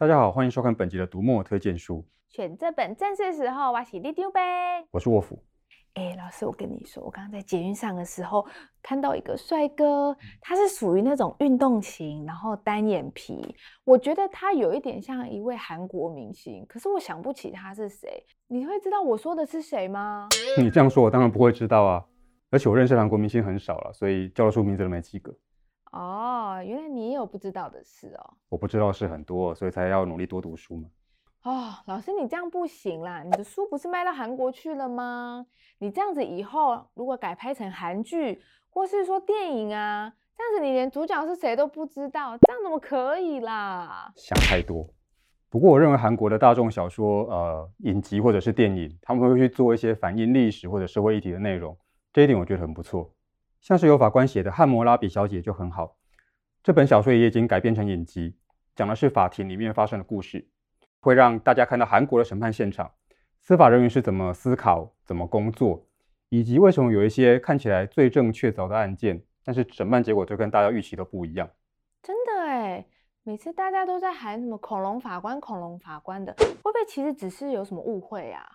大家好，歡迎收看本集的讀墨推薦書。選這本正是時候，哇，犀利丟唄！我是沃夫。哎、欸，老師，我跟你說，我剛剛在捷運上的時候看到一個帥哥、嗯，他是屬於那種運動型，然後單眼皮，我覺得他有一點像一位韓國明星，可是我想不起他是誰。你會知道我說的是誰嗎？你這樣說，我當然不會知道啊！而且我認識韓國明星很少了、啊，所以叫得出名字都沒幾個。哦，原來你也有不知道的事哦。我不知道的事很多，所以才要努力多讀書嘛。哦，老師你這樣不行啦，你的書不是賣到韓國去了嗎？你這樣子以後如果改拍成韓劇，或是說電影啊，這樣子你連主角是誰都不知道，這樣怎麼可以啦？想太多。不過我認為韓國的大眾小說、呃，影集或者是電影，他們會去做一些反映歷史或者社會議題的內容，這一點我覺得很不錯。像是由法官寫的《漢摩拉比小姐》就很好，這本小說也已經改編成影集，講的是法庭裡面發生的故事，會讓大家看到韓國的審判現場，司法人員是怎麼思考、怎麼工作，以及為什麼有一些看起來罪證確鑿的案件，但是審判結果就跟大家預期都不一樣。真的哎，每次大家都在喊什麼“恐龍法官”“恐龍法官”的，會不會其實只是有什麼誤會啊？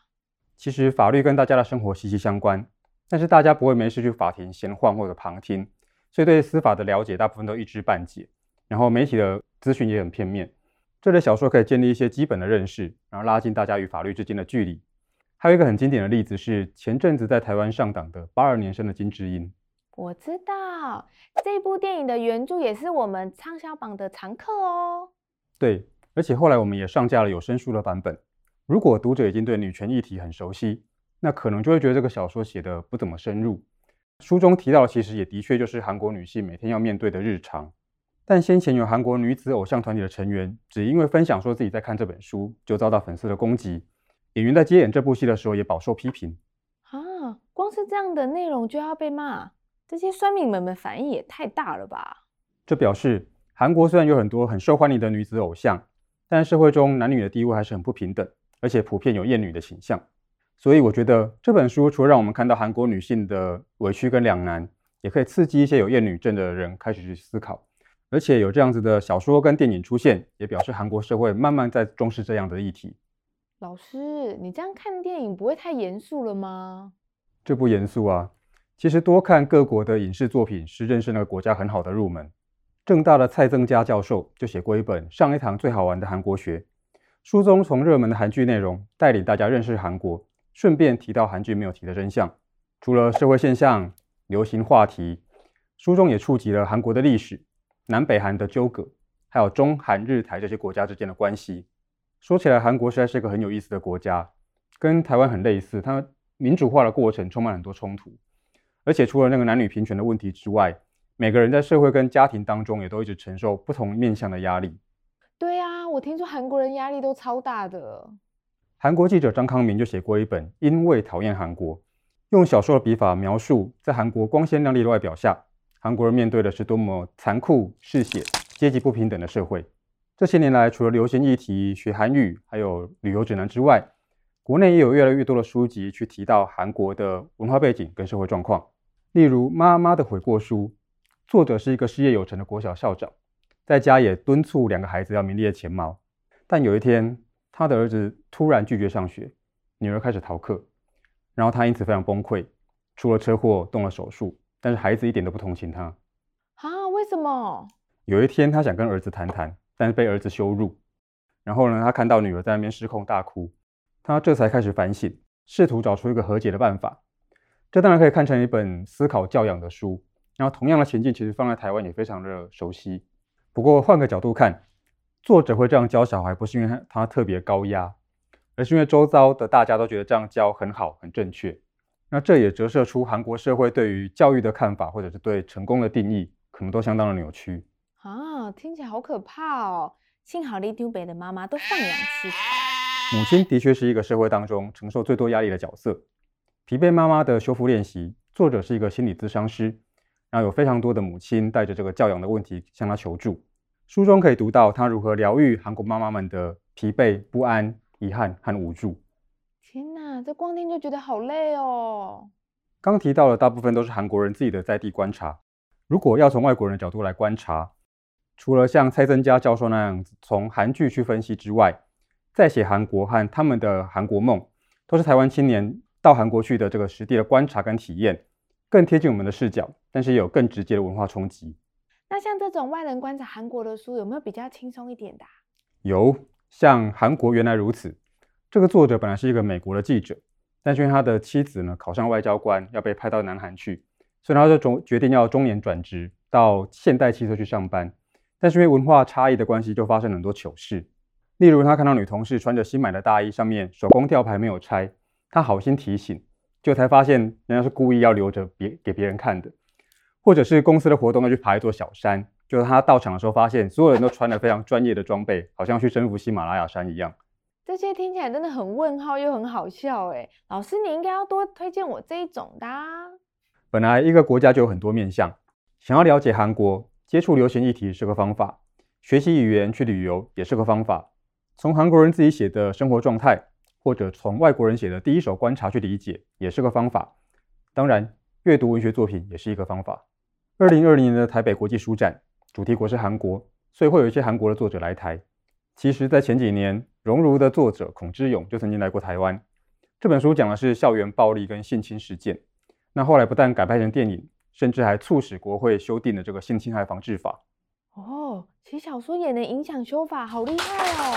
其實法律跟大家的生活息息相關。但是大家不會沒事去法庭閒晃或者旁聽，所以對司法的了解大部分都一知半解。然後媒體的資訊也很片面，這類小說可以建立一些基本的認識，然後拉近大家與法律之間的距離。還有一個很經典的例子是前陣子在台灣上檔的《八二年生的金智英》，我知道這部電影的原著也是我們暢銷榜的常客哦。對，而且後來我們也上架了有聲書的版本。如果讀者已經對女權議題很熟悉，那可能就會覺得這個小說寫的不怎麼深入。書中提到的其實也的確就是韓國女性每天要面對的日常。但先前有韓國女子偶像團體的成員，只因為分享說自己在看這本書，就遭到粉絲的攻擊。演員在接演這部戲的時候也飽受批評。啊，光是這樣的內容就要被罵，這些酸民們們反應也太大了吧？這表示韓國雖然有很多很受歡迎的女子偶像，但社會中男女的地位還是很不平等，而且普遍有厭女的形象。所以我覺得這本書除了讓我們看到韓國女性的委屈跟兩難，也可以刺激一些有厭女症的人開始去思考。而且有這樣子的小說跟電影出現，也表示韓國社會慢慢在重視這樣的議題。老師，你這樣看電影不會太嚴肅了嗎？這不嚴肅啊！其實多看各國的影視作品是認識那個國家很好的入門。政大的蔡增家教授就寫過一本《上一堂最好玩的韓國學》，書中從熱門的韓劇內容帶領大家認識韓國。順便提到韓劇沒有提的真相，除了社會現象、流行話題，書中也觸及了韓國的歷史、南北韓的糾葛，還有中韓日台這些國家之間的關係。說起來，韓國實在是一個很有意思的國家，跟台灣很類似。它民主化的過程充滿很多衝突，而且除了那個男女平權的問題之外，每個人在社會跟家庭當中也都一直承受不同面向的壓力。對呀，我聽說韓國人壓力都超大的。韓國記者張康明就寫過一本《因為討厭韓國》，用小說的筆法描述，在韓國光鮮亮麗的外表下，韓國人面對的是多麼殘酷、嗜血、階級不平等的社會。這些年來，除了流行議題、學韓語，還有旅遊指南之外，國內也有越來越多的書籍去提到韓國的文化背景跟社會狀況。例如《媽媽的悔過書》，作者是一個事業有成的國小校長，在家也敦促兩個孩子要名列前茅，但有一天，他的兒子突然拒絕上學，女兒開始逃課，然後他因此非常崩潰，出了車禍，動了手術，但是孩子一點都不同情他。啊，為什麼？有一天他想跟兒子談談，但是被兒子羞辱。然後呢，他看到女兒在那邊失控大哭，他這才開始反省，試圖找出一個和解的辦法。這當然可以看成一本思考教養的書。然後同樣的情境其實放在台灣也非常的熟悉。不過換個角度看。作者會這樣教小孩，不是因為他他特別高壓，而是因為周遭的大家都覺得這樣教很好、很正確。那這也折射出韓國社會對於教育的看法，或者是對成功的定義，可能都相當的扭曲。啊，聽起來好可怕哦。幸好了丟北的媽媽都放養式。母親的確是一個社會當中承受最多壓力的角色。疲憊媽媽的修復練習，作者是一個心理諮商師，然後有非常多的母親帶着這個教養的問題向她求助。書中可以讀到他如何療癒韓國媽媽們的疲憊、不安、遺憾和無助。天哪，這光聽就覺得好累哦。剛提到的大部分都是韓國人自己的在地觀察。如果要從外國人的角度來觀察，除了像蔡增家教授那樣從韓劇去分析之外，再寫韓國和他們的韓國夢，都是台灣青年到韓國去的這個實地的觀察跟體驗，更貼近我們的視角，但是也有更直接的文化衝擊。那像這種外人觀察韓國的書，有沒有比較輕鬆一點的啊？有，像《韓國原來如此》，這個作者本來是一個美國的記者，但是因為他的妻子呢考上外交官，要被派到南韓去，所以他就決決定要中年轉職到現代汽車去上班。但是因為文化差異的關係，就發生很多糗事。例如他看到女同事穿着新買的大衣，上面手工吊牌沒有拆，他好心提醒，就才發現人家是故意要留着別給別人看的。或者是公司的活動要去爬一座小山，就是他到場的時候發現所有人都穿了非常專業的裝備，好像去征服喜馬拉雅山一樣。這些聽起來真的很問號又很好笑哎、欸，老師你應該要多推薦我這一種的、啊。本來一個國家就有很多面向，想要了解韓國，接觸流行議題是個方法；學習語言去旅遊也是個方法；從韓國人自己寫的生活狀態，或者從外國人寫的第一手觀察去理解也是個方法。當然，閱讀文學作品也是一個方法。二零二零年的台北國際書展主題國是韓國，所以會有一些韓國的作者來台。其實，在前幾年，《熔爐》的作者孔枝泳就曾經來過台灣。這本書講的是校園暴力跟性侵事件。那後來不但改拍成電影，甚至還促使國會修訂了這個性侵害防治法。哦，其實小說也能影響修法，好厲害哦！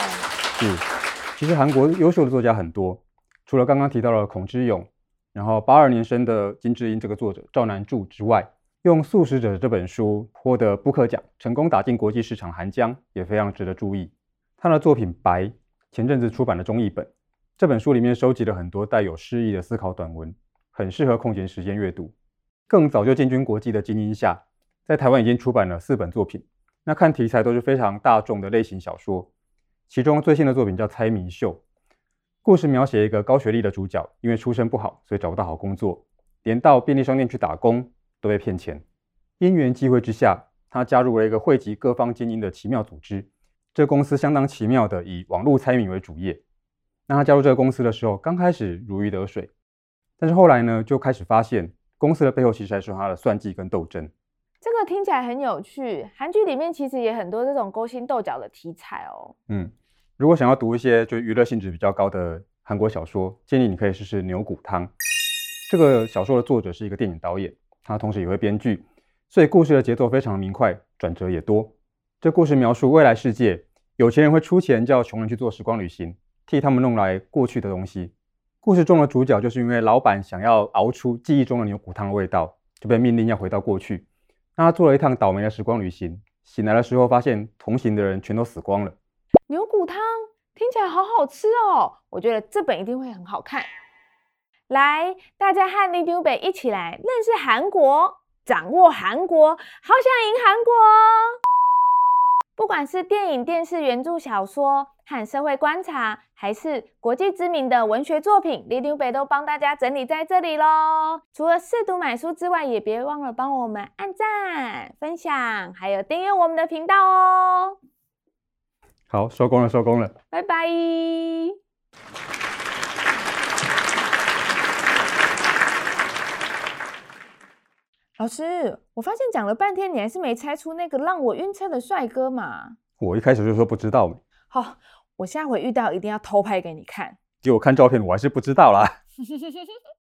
是，其實韓國優秀的作家很多，除了剛剛提到的孔枝泳，然後八二年生的金智英這個作者趙南柱之外，用《素食者》這本書獲得布克獎，成功打進國際市場韓江，也非常值得注意。他的作品《白》前陣子出版了中譯本，這本書裡面收集了很多帶有詩意的思考短文，很適合空閒時間閱讀。更早就進軍國際的金英夏，在台灣已經出版了四本作品。那看題材都是非常大眾的類型小說，其中最新的作品叫《猜謎秀》，故事描寫一個高學歷的主角，因為出身不好，所以找不到好工作，連到便利商店去打工，都被騙錢。因緣際會之下，他加入了一個匯集各方精英的奇妙組織。這個公司相當奇妙的，以網絡猜謎為主業。那他加入這個公司的時候，剛開始如魚得水，但是後來呢，就開始發現公司的背後其實還是他的算計跟鬥爭。這個聽起來很有趣。韓劇裡面其實也很多這種勾心鬥角的題材哦。嗯，如果想要讀一些就是娛樂性質比較高的韓國小說，建議你可以試試《牛骨湯》。這個小說的作者是一個電影導演。他同時也會編劇，所以故事的節奏非常明快，轉折也多。這故事描述未來世界，有錢人會出錢叫窮人去做時光旅行，替他們弄來過去的東西。故事中的主角就是因為老板想要熬出記憶中的牛骨湯的味道，就被命令要回到過去，那他做了一趟倒霉的時光旅行。醒來的時候發現同行的人全都死光了。牛骨湯聽起來好好吃哦，我覺得這本一定會很好看。來，大家和李丟北一起來認識韓國，掌握韓國，好想贏韓國！ 不管是電影、電視、原著小說，和社會觀察，還是國際知名的文學作品，李丟北都幫大家整理在這裡嘍。除了試讀買書之外，也別忘了幫我們按讚、分享，還有訂閱我們的頻道哦。好，收工了，收工了，拜拜。老師，我發現講了半天，你還是沒猜出那個讓我暈車的帥哥嘛？我一開始就說不知道。好，我下回遇到一定要偷拍給你看。給我看照片，我還是不知道啦。